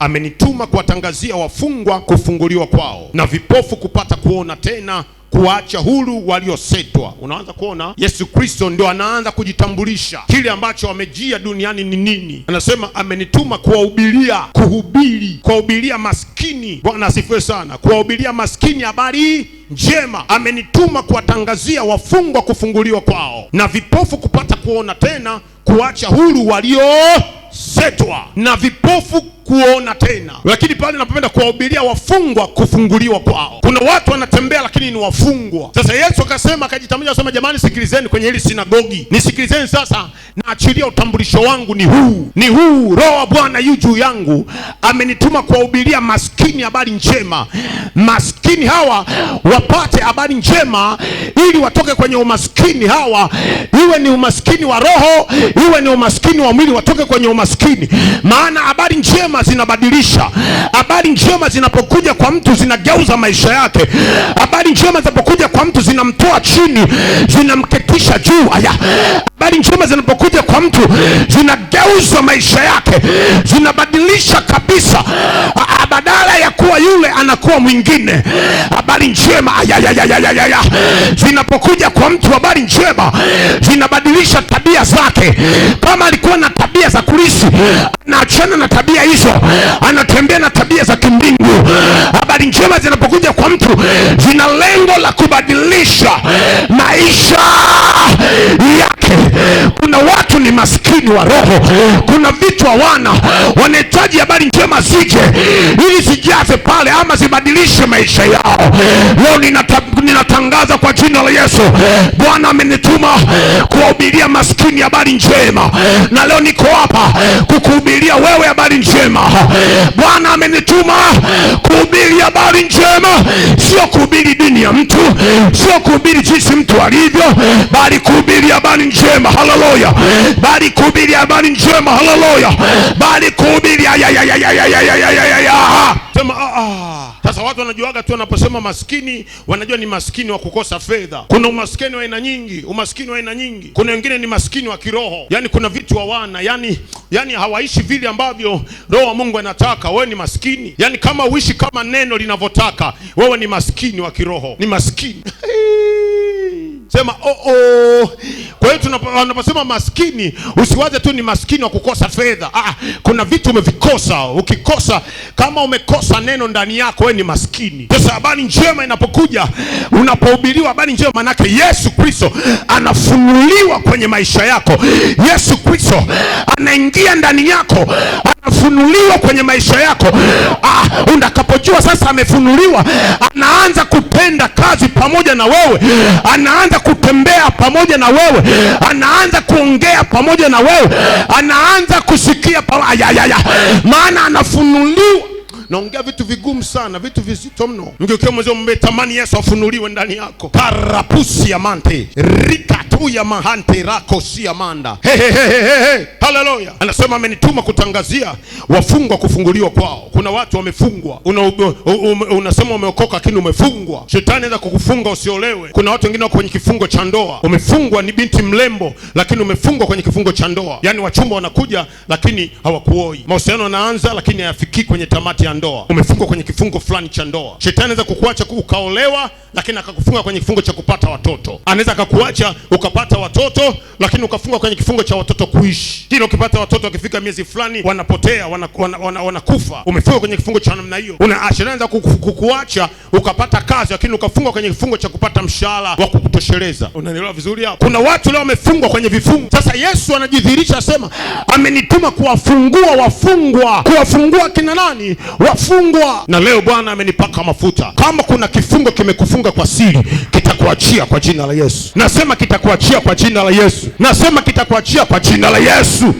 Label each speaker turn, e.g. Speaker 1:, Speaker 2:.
Speaker 1: Amenituma kuwatangazia wafungwa kufunguliwa kwao na vipofu kupata kuona tena, kuwaacha huru waliosetwa. Unaanza kuona Yesu Kristo ndio anaanza kujitambulisha kile ambacho amejia duniani ni nini. Anasema amenituma kuwahubiria, kuhubiri, kuwahubiria maskini. Bwana asifiwe sana, kuwahubiria maskini habari njema. Amenituma kuwatangazia wafungwa kufunguliwa kwao na vipofu kupata kuona tena, kuwaacha huru waliosetwa na vipofu kuona tena, lakini pale napenda kuwahubiria wafungwa kufunguliwa kwao. Kuna watu wanatembea lakini ni wafungwa. Sasa Yesu akasema, akajitambulisha akasema, jamani, sikilizeni kwenye hili sinagogi, nisikilizeni sasa, naachilia utambulisho wangu ni huu, ni huu, Roho wa Bwana yu juu yangu, amenituma kuwahubiria maskini habari njema. Maskini hawa wapate habari njema, ili watoke kwenye umaskini hawa, iwe ni umaskini wa roho, iwe ni umaskini wa mwili, watoke kwenye umaskini, maana habari njema njema zinabadilisha. Habari njema zinapokuja kwa mtu zinageuza maisha yake. Habari njema zinapokuja kwa mtu zinamtoa chini, zinamketisha juu. Haya, habari njema zinapokuja kwa mtu zinageuza maisha yake, zinabadilisha kabisa badala ya kuwa yule anakuwa mwingine. Habari njema zinapokuja kwa mtu, habari njema zinabadilisha tabia zake. Kama alikuwa na tabia za kulisi, anaachana na tabia hizo, anatembea na tabia za kimbingu. Habari njema zinapokuja kwa mtu, zina lengo la kubadilisha maisha yake. Kuna watu ni maskini umaskini wa roho. Kuna vitu wana wanahitaji habari njema zije, ili zijaze pale ama zibadilishe maisha yao. Leo ninata, ninatangaza kwa jina la Yesu, Bwana amenituma kuwahubiria maskini habari njema, na leo niko hapa kukuhubiria wewe habari njema. Bwana amenituma kuhubiri habari njema, sio kuhubiri dini ya mtu, sio kuhubiri jinsi mtu alivyo, bali kuhubiri habari njema. Haleluya, bali kuhubiri habari njema, haleluya, bali kuhubiri sasa watu wanajuaga tu, wanaposema maskini wanajua ni maskini wa kukosa fedha. Kuna umaskini wa aina nyingi, umaskini wa aina nyingi. Kuna wengine ni maskini wa kiroho, yani kuna vitu hawana, yani yani hawaishi vile ambavyo roho wa Mungu anataka. Wewe ni maskini, yani kama uishi kama neno linavyotaka, wewe ni maskini wa kiroho, ni maskini sema oh, oh wanaposema maskini, usiwaze tu ni maskini wa kukosa fedha. Ah, kuna vitu umevikosa. Ukikosa kama umekosa neno ndani yako, wewe ni maskini. Sasa habari njema inapokuja, unapohubiriwa habari njema, manake Yesu Kristo anafunuliwa kwenye maisha yako. Yesu Kristo anaingia ndani yako, anafunuliwa kwenye maisha yako. Ah, utakapojua sasa amefunuliwa, anaanza kutenda kazi pamoja na wewe, anaanza kutembea pamoja na wewe, anaanza kuongea pamoja na wewe, anaanza kusikia ayayaya, maana anafunuliwa naongea vitu vigumu sana, vitu vizito mno. Mgeukie mwenzio, mmetamani Yesu afunuliwe ndani yako. karapusi ya mante rika tuya mahante rako sia manda hey, hey, hey, hey, hey. Haleluya, anasema amenituma kutangazia wafungwa kufunguliwa kwao. Kuna watu wamefungwa, unasema ume, umeokoka lakini umefungwa. Shetani anaweza kukufunga usiolewe. Kuna watu wengine wako kwenye kifungo cha ndoa, umefungwa ni binti mlembo, lakini umefungwa kwenye kifungo cha ndoa. Yani wachumba wanakuja lakini hawakuoi, mahusiano yanaanza lakini hayafikii kwenye tamati ya ndoa. Umefungwa kwenye kifungo fulani cha ndoa. Shetani anaweza kukuacha ukaolewa, lakini akakufunga kwenye kifungo cha kupata watoto. Anaweza akakuacha uka ukapata watoto, lakini ukafungwa kwenye kifungo cha watoto kuishi. Kila ukipata watoto wakifika miezi fulani wanapotea, wanakufa, wana, wana, wana umefungwa kwenye kifungo cha namna hiyo. Una kukuacha ukapata kazi, lakini ukafungwa kwenye kifungo cha kupata mshahara wa kukutosheleza. Unanielewa vizuri hapo? Kuna watu leo wamefungwa kwenye vifungo. Sasa Yesu anajidhihirisha asema, amenituma kuwafungua wafungwa, kuwafungua kina nani? Wafungwa. Na leo Bwana amenipaka mafuta. Kama kuna kifungo kimekufunga kwa siri, kitakuachia kwa jina la Yesu. Nasema kitakuwa kitakuachia kwa jina la Yesu. Nasema kitakuachia kwa jina la Yesu.